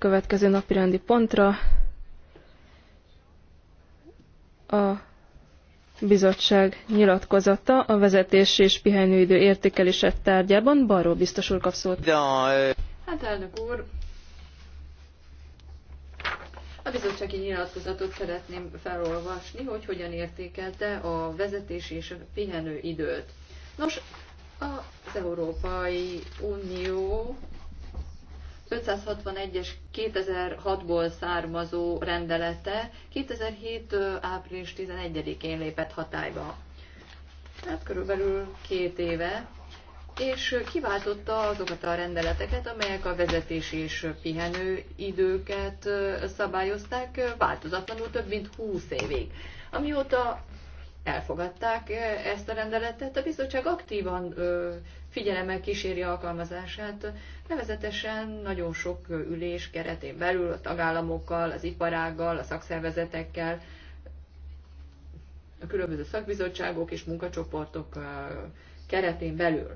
következő napirendi pontra a bizottság nyilatkozata a vezetés és pihenőidő értékelése tárgyában. Balról biztos úr kap szót. Hát elnök úr, a bizottsági nyilatkozatot szeretném felolvasni, hogy hogyan értékelte a vezetés és a pihenő időt. Nos, az Európai Unió 561-es 2006-ból származó rendelete 2007. április 11-én lépett hatályba. Tehát körülbelül két éve, és kiváltotta azokat a rendeleteket, amelyek a vezetés és pihenő időket szabályozták változatlanul több mint 20 évig. Amióta elfogadták ezt a rendeletet. A bizottság aktívan figyelemmel kíséri alkalmazását, nevezetesen nagyon sok ülés keretén belül a tagállamokkal, az iparággal, a szakszervezetekkel, a különböző szakbizottságok és munkacsoportok keretén belül.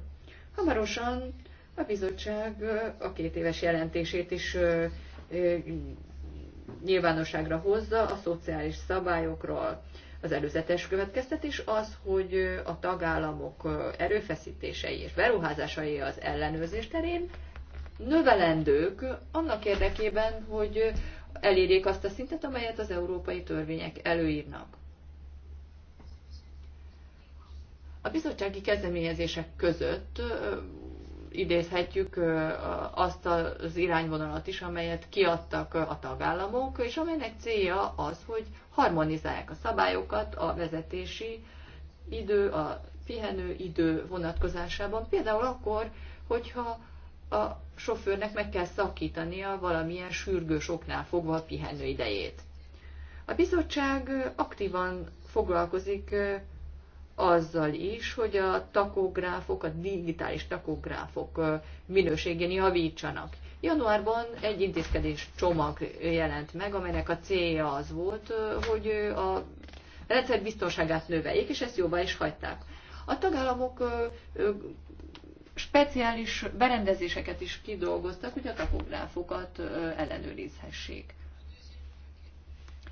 Hamarosan a bizottság a két éves jelentését is nyilvánosságra hozza a szociális szabályokról. Az előzetes következtetés az, hogy a tagállamok erőfeszítései és beruházásai az ellenőrzés terén növelendők annak érdekében, hogy elérjék azt a szintet, amelyet az európai törvények előírnak. A bizottsági kezdeményezések között idézhetjük azt az irányvonalat is, amelyet kiadtak a tagállamok, és amelynek célja az, hogy harmonizálják a szabályokat a vezetési idő, a pihenő idő vonatkozásában. Például akkor, hogyha a sofőrnek meg kell szakítania valamilyen sürgős oknál fogva a pihenő idejét. A bizottság aktívan foglalkozik azzal is, hogy a takográfok, a digitális takográfok minőségén javítsanak. Januárban egy intézkedés csomag jelent meg, amelynek a célja az volt, hogy a rendszer biztonságát növeljék, és ezt jóvá is hagyták. A tagállamok speciális berendezéseket is kidolgoztak, hogy a takográfokat ellenőrizhessék.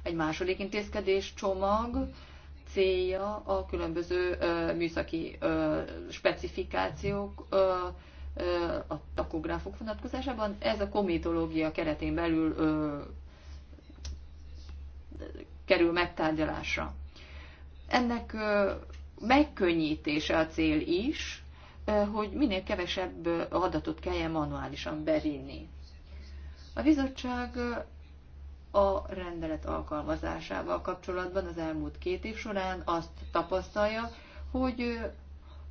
Egy második intézkedés csomag célja a különböző műszaki specifikációk a takográfok vonatkozásában. Ez a komitológia keretén belül kerül megtárgyalásra. Ennek megkönnyítése a cél is, hogy minél kevesebb adatot kelljen manuálisan berinni. A bizottság a rendelet alkalmazásával kapcsolatban az elmúlt két év során azt tapasztalja, hogy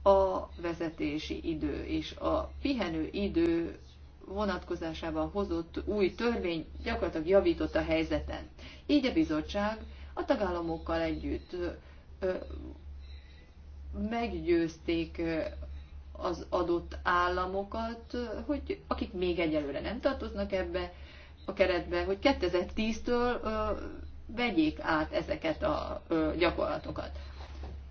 a vezetési idő és a pihenő idő vonatkozásában hozott új törvény gyakorlatilag javított a helyzeten. Így a bizottság a tagállamokkal együtt meggyőzték az adott államokat, hogy akik még egyelőre nem tartoznak ebbe, a keretbe, hogy 2010-től vegyék át ezeket a gyakorlatokat.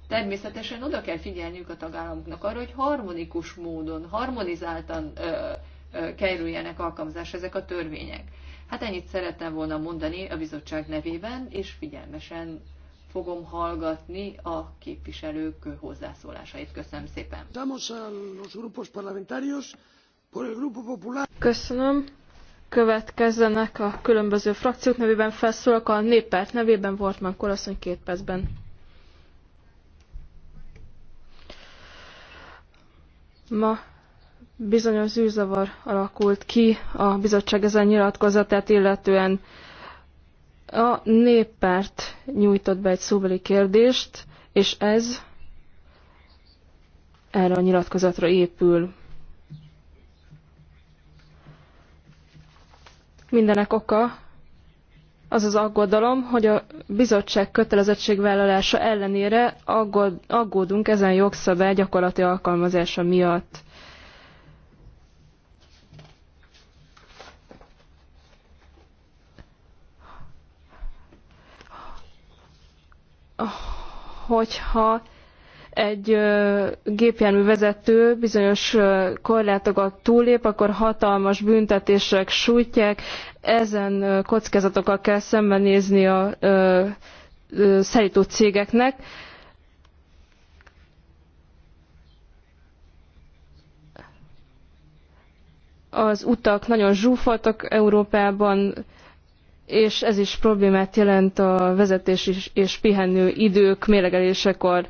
Természetesen oda kell figyelniük a tagállamoknak arra, hogy harmonikus módon, harmonizáltan ö, ö, kerüljenek alkalmazásra ezek a törvények. Hát ennyit szerettem volna mondani a bizottság nevében, és figyelmesen fogom hallgatni a képviselők hozzászólásait. Köszönöm szépen. Köszönöm következzenek a különböző frakciók nevében felszólok, a néppárt nevében Wortmann Korasszony két percben. Ma bizonyos zűrzavar alakult ki a bizottság ezen nyilatkozatát, illetően a néppárt nyújtott be egy szóbeli kérdést, és ez erre a nyilatkozatra épül. Mindenek oka az az aggodalom, hogy a bizottság kötelezettségvállalása ellenére aggód, aggódunk ezen jogszabály gyakorlati alkalmazása miatt. Hogyha egy gépjármű vezető, bizonyos korlátokat túlép, akkor hatalmas büntetések sújtják, ezen kockázatokkal kell szembenézni a szállító cégeknek. Az utak nagyon zsúfoltak Európában, és ez is problémát jelent a vezetés és pihenő idők mélegelésekor.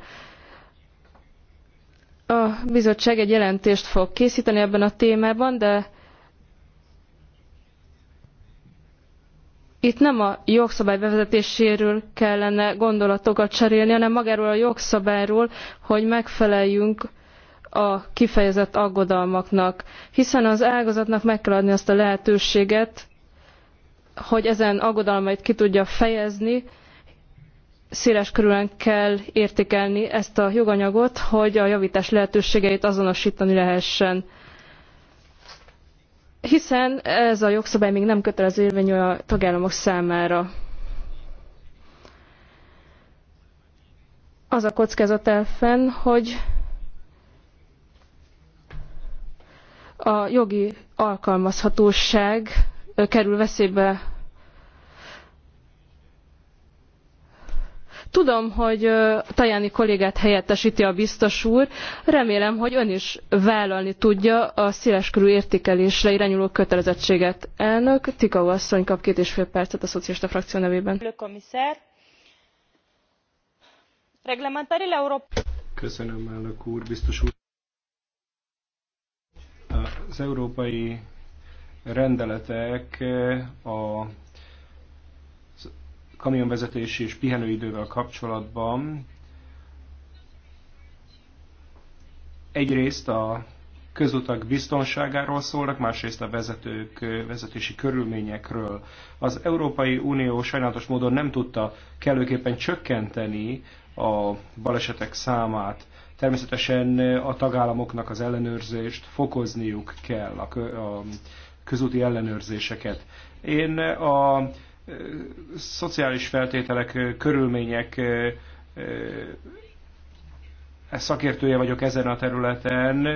A bizottság egy jelentést fog készíteni ebben a témában, de itt nem a jogszabály bevezetéséről kellene gondolatokat cserélni, hanem magáról a jogszabályról, hogy megfeleljünk a kifejezett aggodalmaknak, hiszen az ágazatnak meg kell adni azt a lehetőséget, hogy ezen aggodalmait ki tudja fejezni, széles kell értékelni ezt a joganyagot, hogy a javítás lehetőségeit azonosítani lehessen. Hiszen ez a jogszabály még nem kötelező érvényű a tagállamok számára. Az a kockázat elfenn, hogy a jogi alkalmazhatóság kerül veszélybe Tudom, hogy Tajani kollégát helyettesíti a biztos úr. Remélem, hogy ön is vállalni tudja a széleskörű értékelésre irányuló kötelezettséget. Elnök, Tikau asszony kap két és fél percet a szocialista frakció nevében. Köszönöm, elnök úr, biztos úr. Az európai rendeletek a kamionvezetési és pihenőidővel kapcsolatban egyrészt a közutak biztonságáról szólnak, másrészt a vezetők vezetési körülményekről. Az Európai Unió sajnálatos módon nem tudta kellőképpen csökkenteni a balesetek számát. Természetesen a tagállamoknak az ellenőrzést fokozniuk kell, a közúti ellenőrzéseket. Én a szociális feltételek, körülmények e szakértője vagyok ezen a területen,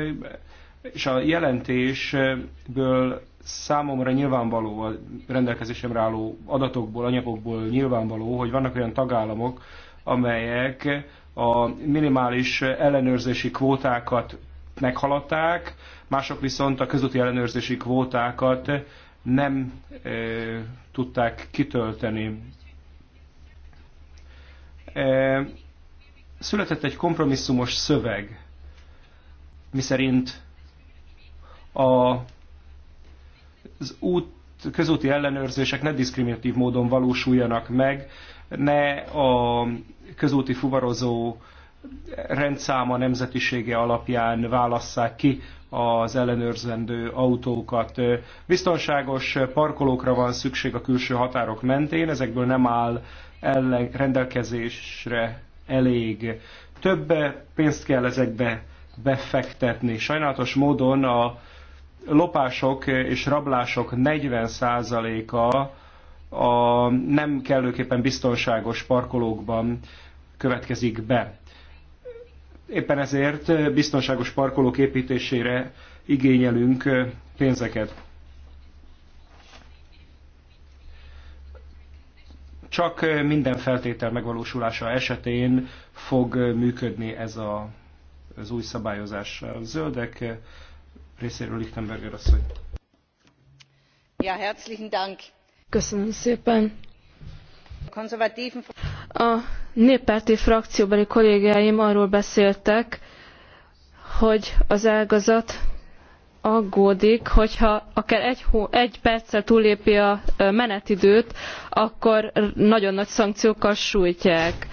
és a jelentésből számomra nyilvánvaló, a rendelkezésemre álló adatokból, anyagokból nyilvánvaló, hogy vannak olyan tagállamok, amelyek a minimális ellenőrzési kvótákat meghaladták, mások viszont a közúti ellenőrzési kvótákat nem e, tudták kitölteni. E, született egy kompromisszumos szöveg, miszerint a, az út, közúti ellenőrzések ne diszkriminatív módon valósuljanak meg, ne a közúti fuvarozó rendszáma nemzetisége alapján válasszák ki az ellenőrzendő autókat. Biztonságos parkolókra van szükség a külső határok mentén, ezekből nem áll ellen, rendelkezésre elég. Több pénzt kell ezekbe befektetni. Sajnálatos módon a lopások és rablások 40%-a a nem kellőképpen biztonságos parkolókban következik be. Éppen ezért biztonságos parkolók építésére igényelünk pénzeket. Csak minden feltétel megvalósulása esetén fog működni ez a, az új szabályozás. A zöldek részéről Lichtenberger asszony. Ja, herzlichen Dank. Köszönöm szépen. Konzervatíven a néppárti frakcióbeli kollégáim arról beszéltek, hogy az ágazat aggódik, hogyha akár egy, hó, egy perccel túllépi a menetidőt, akkor nagyon nagy szankciókkal sújtják.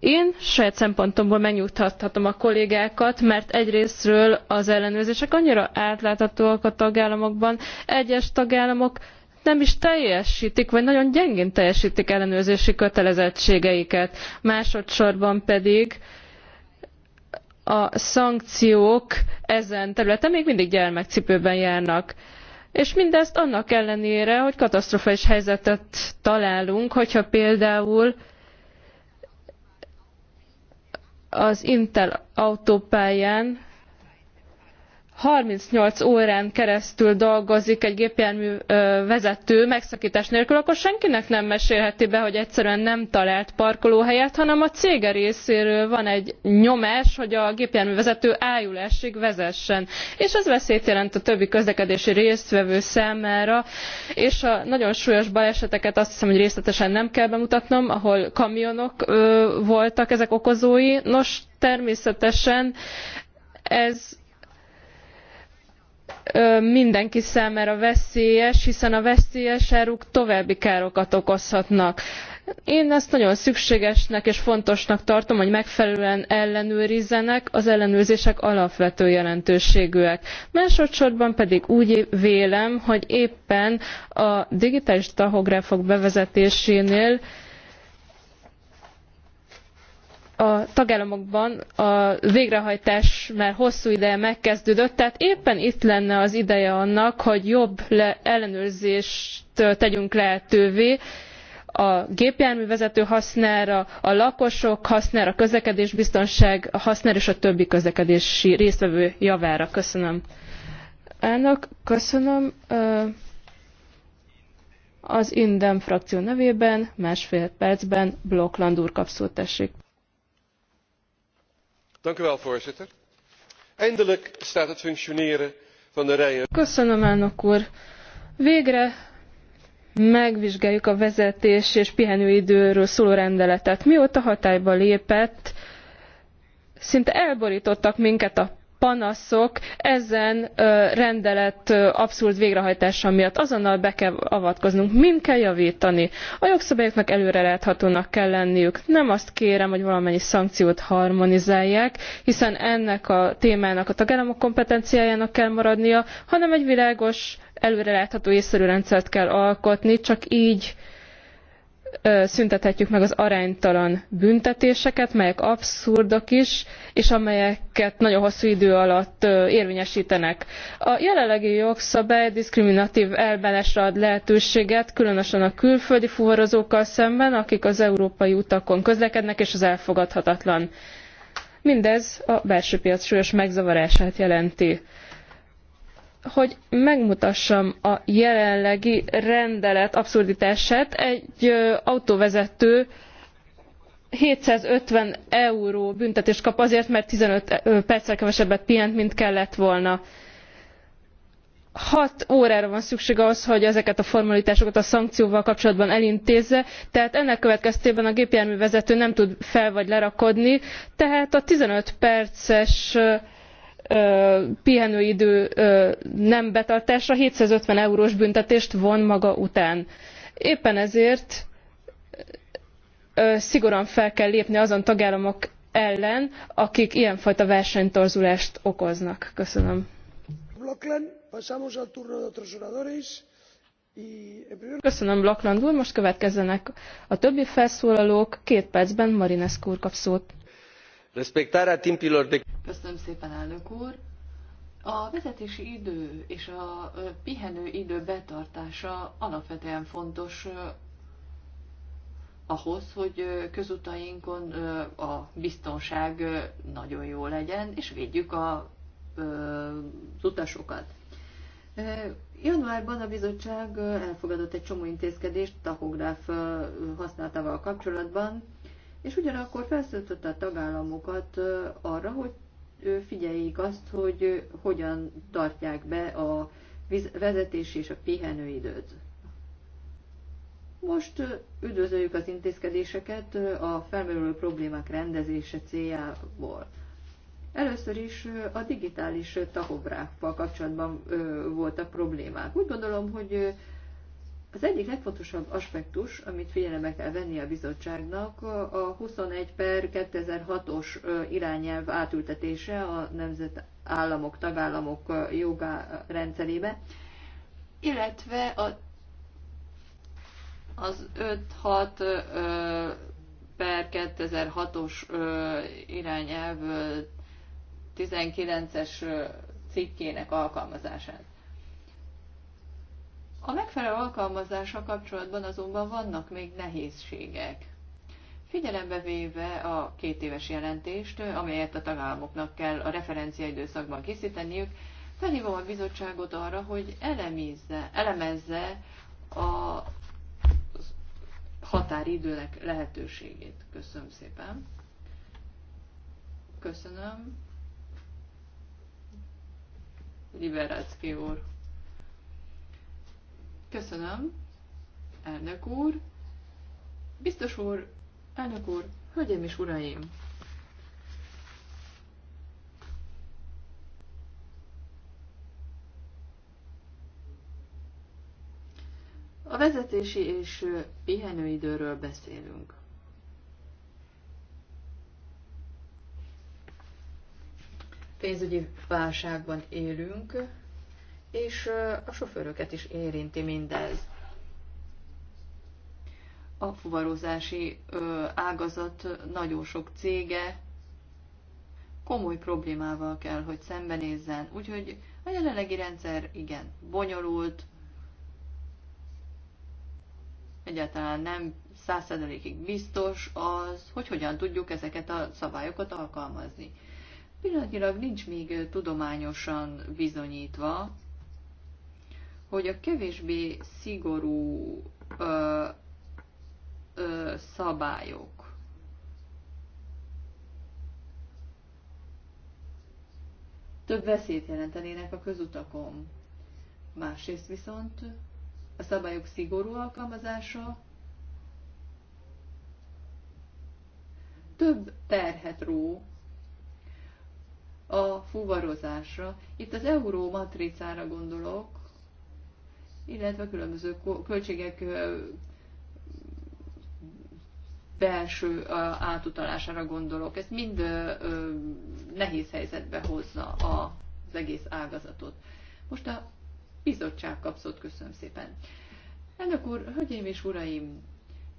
Én saját szempontomból megnyugtathatom a kollégákat, mert egyrésztről az ellenőrzések annyira átláthatóak a tagállamokban, egyes tagállamok nem is teljesítik, vagy nagyon gyengén teljesítik ellenőrzési kötelezettségeiket. Másodszorban pedig a szankciók ezen területen még mindig gyermekcipőben járnak. És mindezt annak ellenére, hogy katasztrofális helyzetet találunk, hogyha például az Intel autópályán 38 órán keresztül dolgozik egy gépjármű vezető megszakítás nélkül, akkor senkinek nem mesélheti be, hogy egyszerűen nem talált parkolóhelyet, hanem a cége részéről van egy nyomás, hogy a gépjárművezető ájulásig vezessen. És ez veszélyt jelent a többi közlekedési résztvevő számára, és a nagyon súlyos baleseteket azt hiszem, hogy részletesen nem kell bemutatnom, ahol kamionok voltak ezek okozói. Nos, természetesen ez mindenki számára veszélyes, hiszen a veszélyes áruk további károkat okozhatnak. Én ezt nagyon szükségesnek és fontosnak tartom, hogy megfelelően ellenőrizzenek, az ellenőrzések alapvető jelentőségűek. Másodszorban pedig úgy vélem, hogy éppen a digitális tahográfok bevezetésénél a tagállamokban a végrehajtás már hosszú ideje megkezdődött, tehát éppen itt lenne az ideje annak, hogy jobb ellenőrzést tegyünk lehetővé, a gépjárművezető hasznára, a lakosok hasznára, a közlekedésbiztonság hasznára és a többi közlekedési résztvevő javára. Köszönöm. Elnök, köszönöm. Az Indem frakció nevében másfél percben Blokland úr kapszót tessék voorzitter eindelijk staat het functioneren van de rij. végre megvizsgáljuk a vezetés és pihenőidőről szóló rendeletet. mióta hatályba lépett szinte elbortottak minket a panaszok ezen rendelet abszolút végrehajtása miatt azonnal be kell avatkoznunk. Mind kell javítani? A jogszabályoknak előreláthatónak kell lenniük. Nem azt kérem, hogy valamennyi szankciót harmonizálják, hiszen ennek a témának a tagállamok kompetenciájának kell maradnia, hanem egy világos, előrelátható észszerű rendszert kell alkotni, csak így szüntethetjük meg az aránytalan büntetéseket, melyek abszurdok is, és amelyeket nagyon hosszú idő alatt érvényesítenek. A jelenlegi jogszabály diszkriminatív elbánásra ad lehetőséget, különösen a külföldi fuvarozókkal szemben, akik az európai utakon közlekednek, és az elfogadhatatlan. Mindez a belső piac súlyos megzavarását jelenti hogy megmutassam a jelenlegi rendelet abszurditását, egy autóvezető 750 euró büntetést kap azért, mert 15 perccel kevesebbet pihent, mint kellett volna. 6 órára van szükség ahhoz, hogy ezeket a formalitásokat a szankcióval kapcsolatban elintézze, tehát ennek következtében a gépjárművezető nem tud fel vagy lerakodni, tehát a 15 perces pihenőidő nem betartása 750 eurós büntetést von maga után. Éppen ezért szigorúan fel kell lépni azon tagállamok ellen, akik ilyenfajta versenytorzulást okoznak. Köszönöm. Köszönöm, Lakland úr. Most következzenek a többi felszólalók. Két percben Marines úr kap szót. Respectarea timpilor de... Köszönöm szépen, elnök úr! A vezetési idő és a pihenő idő betartása alapvetően fontos ahhoz, hogy közutainkon a biztonság nagyon jó legyen, és védjük a, az utasokat. Januárban a bizottság elfogadott egy csomó intézkedést tahográf használatával kapcsolatban, és ugyanakkor felszöltötte a tagállamokat arra, hogy figyeljék azt, hogy hogyan tartják be a vezetés és a pihenőidőt. Most üdvözöljük az intézkedéseket a felmerülő problémák rendezése céljából. Először is a digitális tahográffal kapcsolatban voltak problémák. Úgy gondolom, hogy az egyik legfontosabb aspektus, amit figyelembe kell venni a bizottságnak, a 21 per 2006-os irányelv átültetése a nemzetállamok, tagállamok jogá rendszerébe, illetve a, az 5-6 per 2006-os irányelv 19-es cikkének alkalmazását. A megfelelő alkalmazása kapcsolatban azonban vannak még nehézségek. Figyelembe véve a két éves jelentést, amelyet a tagállamoknak kell a referenciaidőszakban készíteniük, felhívom a bizottságot arra, hogy elemizze, elemezze a határidőnek lehetőségét. Köszönöm szépen. Köszönöm. Liberácki úr. Köszönöm, elnök úr. Biztos úr, elnök úr, hölgyeim és uraim! A vezetési és pihenőidőről beszélünk. Pénzügyi válságban élünk, és a sofőröket is érinti mindez. A fuvarozási ágazat nagyon sok cége komoly problémával kell, hogy szembenézzen, úgyhogy a jelenlegi rendszer igen bonyolult, egyáltalán nem százszerzelékig biztos az, hogy hogyan tudjuk ezeket a szabályokat alkalmazni. Pillanatnyilag nincs még tudományosan bizonyítva, hogy a kevésbé szigorú ö, ö, szabályok több veszélyt jelentenének a közutakon. Másrészt viszont a szabályok szigorú alkalmazása több terhet ró a fuvarozásra. Itt az euró matricára gondolok, illetve különböző költségek belső átutalására gondolok. Ez mind nehéz helyzetbe hozza az egész ágazatot. Most a bizottság kapszott, köszönöm szépen. Elnök úr, hölgyeim és uraim,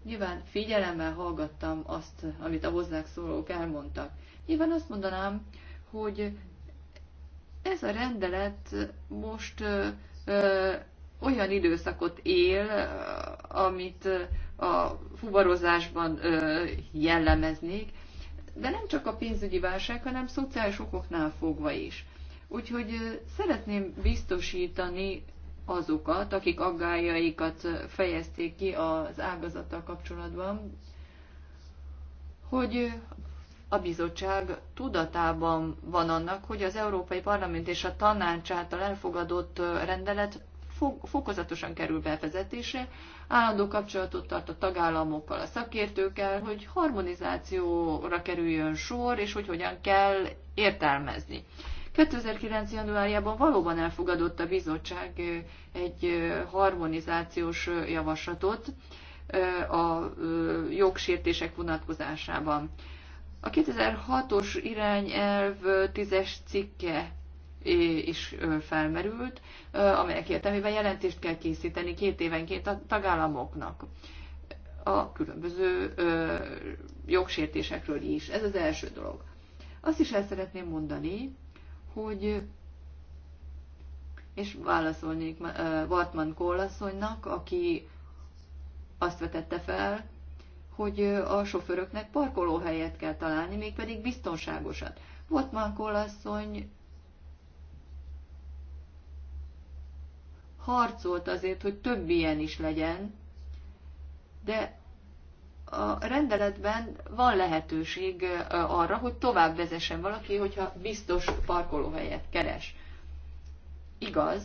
nyilván figyelemmel hallgattam azt, amit a hozzák szólók elmondtak. Nyilván azt mondanám, hogy ez a rendelet most olyan időszakot él, amit a fuvarozásban jellemeznék, de nem csak a pénzügyi válság, hanem szociális okoknál fogva is. Úgyhogy szeretném biztosítani azokat, akik aggájaikat fejezték ki az ágazattal kapcsolatban, hogy a bizottság tudatában van annak, hogy az Európai Parlament és a tanács által elfogadott rendelet fokozatosan kerül bevezetésre, állandó kapcsolatot tart a tagállamokkal, a szakértőkkel, hogy harmonizációra kerüljön sor, és hogy hogyan kell értelmezni. 2009. januárjában valóban elfogadott a bizottság egy harmonizációs javaslatot a jogsértések vonatkozásában. A 2006-os irányelv 10-es cikke is felmerült, amelyek értelmében jelentést kell készíteni két évenként a tagállamoknak a különböző jogsértésekről is. Ez az első dolog. Azt is el szeretném mondani, hogy és válaszolnék Vartman Kollasszonynak, aki azt vetette fel, hogy a sofőröknek parkolóhelyet kell találni, mégpedig biztonságosat. Vartman Kollasszony harcolt azért, hogy több ilyen is legyen, de a rendeletben van lehetőség arra, hogy tovább vezessen valaki, hogyha biztos parkolóhelyet keres. Igaz,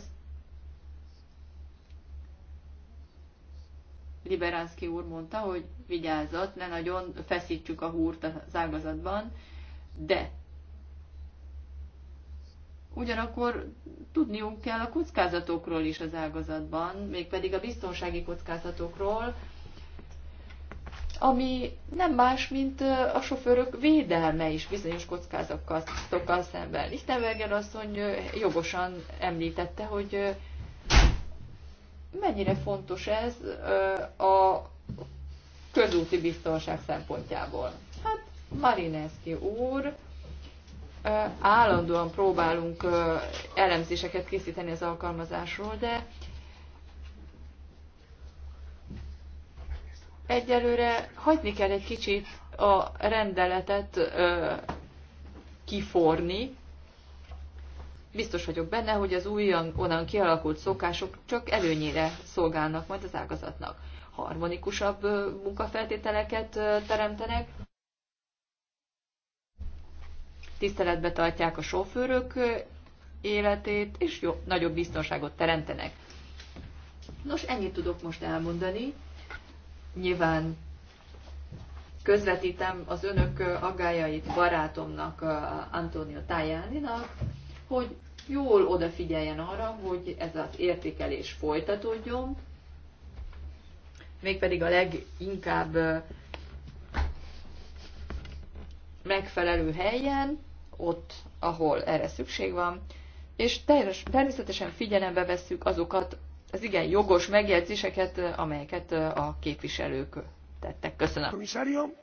Liberánszki úr mondta, hogy vigyázat, ne nagyon feszítjük a húrt az ágazatban, de ugyanakkor tudniuk kell a kockázatokról is az ágazatban, mégpedig a biztonsági kockázatokról, ami nem más, mint a sofőrök védelme is bizonyos kockázatokkal szemben. Lichtenberger asszony jogosan említette, hogy mennyire fontos ez a közúti biztonság szempontjából. Hát Marineski úr állandóan próbálunk elemzéseket készíteni az alkalmazásról, de egyelőre hagyni kell egy kicsit a rendeletet kiforni. Biztos vagyok benne, hogy az újan onnan kialakult szokások csak előnyére szolgálnak majd az ágazatnak. Harmonikusabb munkafeltételeket teremtenek, tiszteletbe tartják a sofőrök életét, és jó, nagyobb biztonságot teremtenek. Nos, ennyit tudok most elmondani. Nyilván közvetítem az önök aggájait barátomnak, Antonio Tajáninak, hogy jól odafigyeljen arra, hogy ez az értékelés folytatódjon, mégpedig a leginkább megfelelő helyen, ott, ahol erre szükség van, és természetesen figyelembe vesszük azokat az igen jogos megjegyzéseket, amelyeket a képviselők tettek. Köszönöm.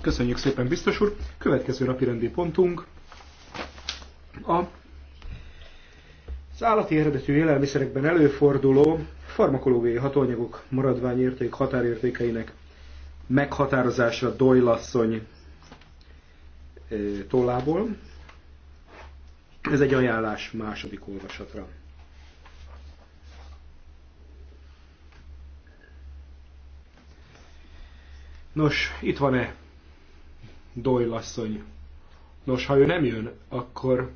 Köszönjük szépen, biztos úr. Következő napirendi pontunk a az állati eredetű élelmiszerekben előforduló farmakológiai hatóanyagok maradványérték határértékeinek meghatározása Dojlasszony tollából. Ez egy ajánlás második olvasatra. Nos, itt van-e Doyle asszony? Nos, ha ő nem jön, akkor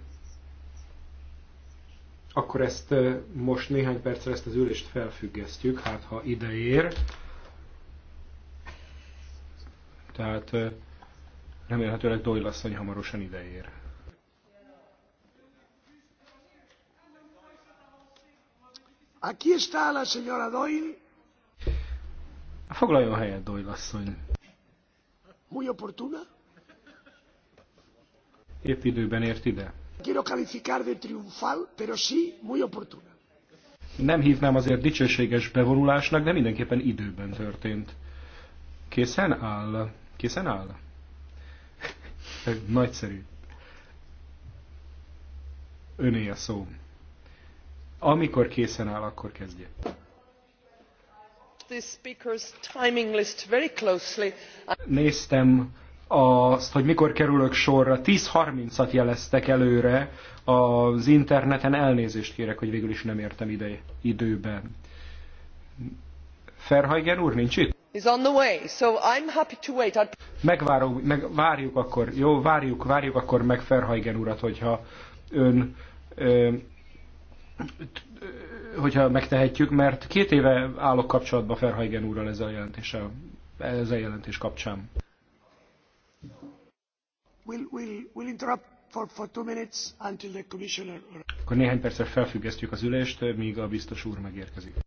akkor ezt most néhány percre ezt az ülést felfüggesztjük, hát ha ide ér, Tehát Remélhetőleg Doyle asszony hamarosan ideér. Aki está la senyora Doyle. Foglaljon helyet, Doyle asszony. Muy oportuna. Épp időben ért ide. Quiero calificar de triunfal, pero sí muy oportuna. Nem hívnám azért dicsőséges bevonulásnak, de mindenképpen időben történt. Készen áll? Készen áll? Nagyszerű. Öné a szó. Amikor készen áll, akkor kezdje. Néztem azt, hogy mikor kerülök sorra. 10.30-at jeleztek előre az interneten. Elnézést kérek, hogy végül is nem értem ide időben. Ferhajgen úr nincs itt? is on the way, so I'm happy to wait. Megvárunk, meg, várjuk akkor, jó, várjuk, várjuk akkor meg Ferhajgen urat, hogyha ön, ö, hogyha megtehetjük, mert két éve állok kapcsolatba Ferhajgen úrral ezzel a jelentéssel, ezzel a jelentés kapcsán. We'll, we'll, we'll interrupt for, for two minutes until the commissioner... Akkor néhány percre felfüggesztjük az ülést, míg a biztos úr megérkezik.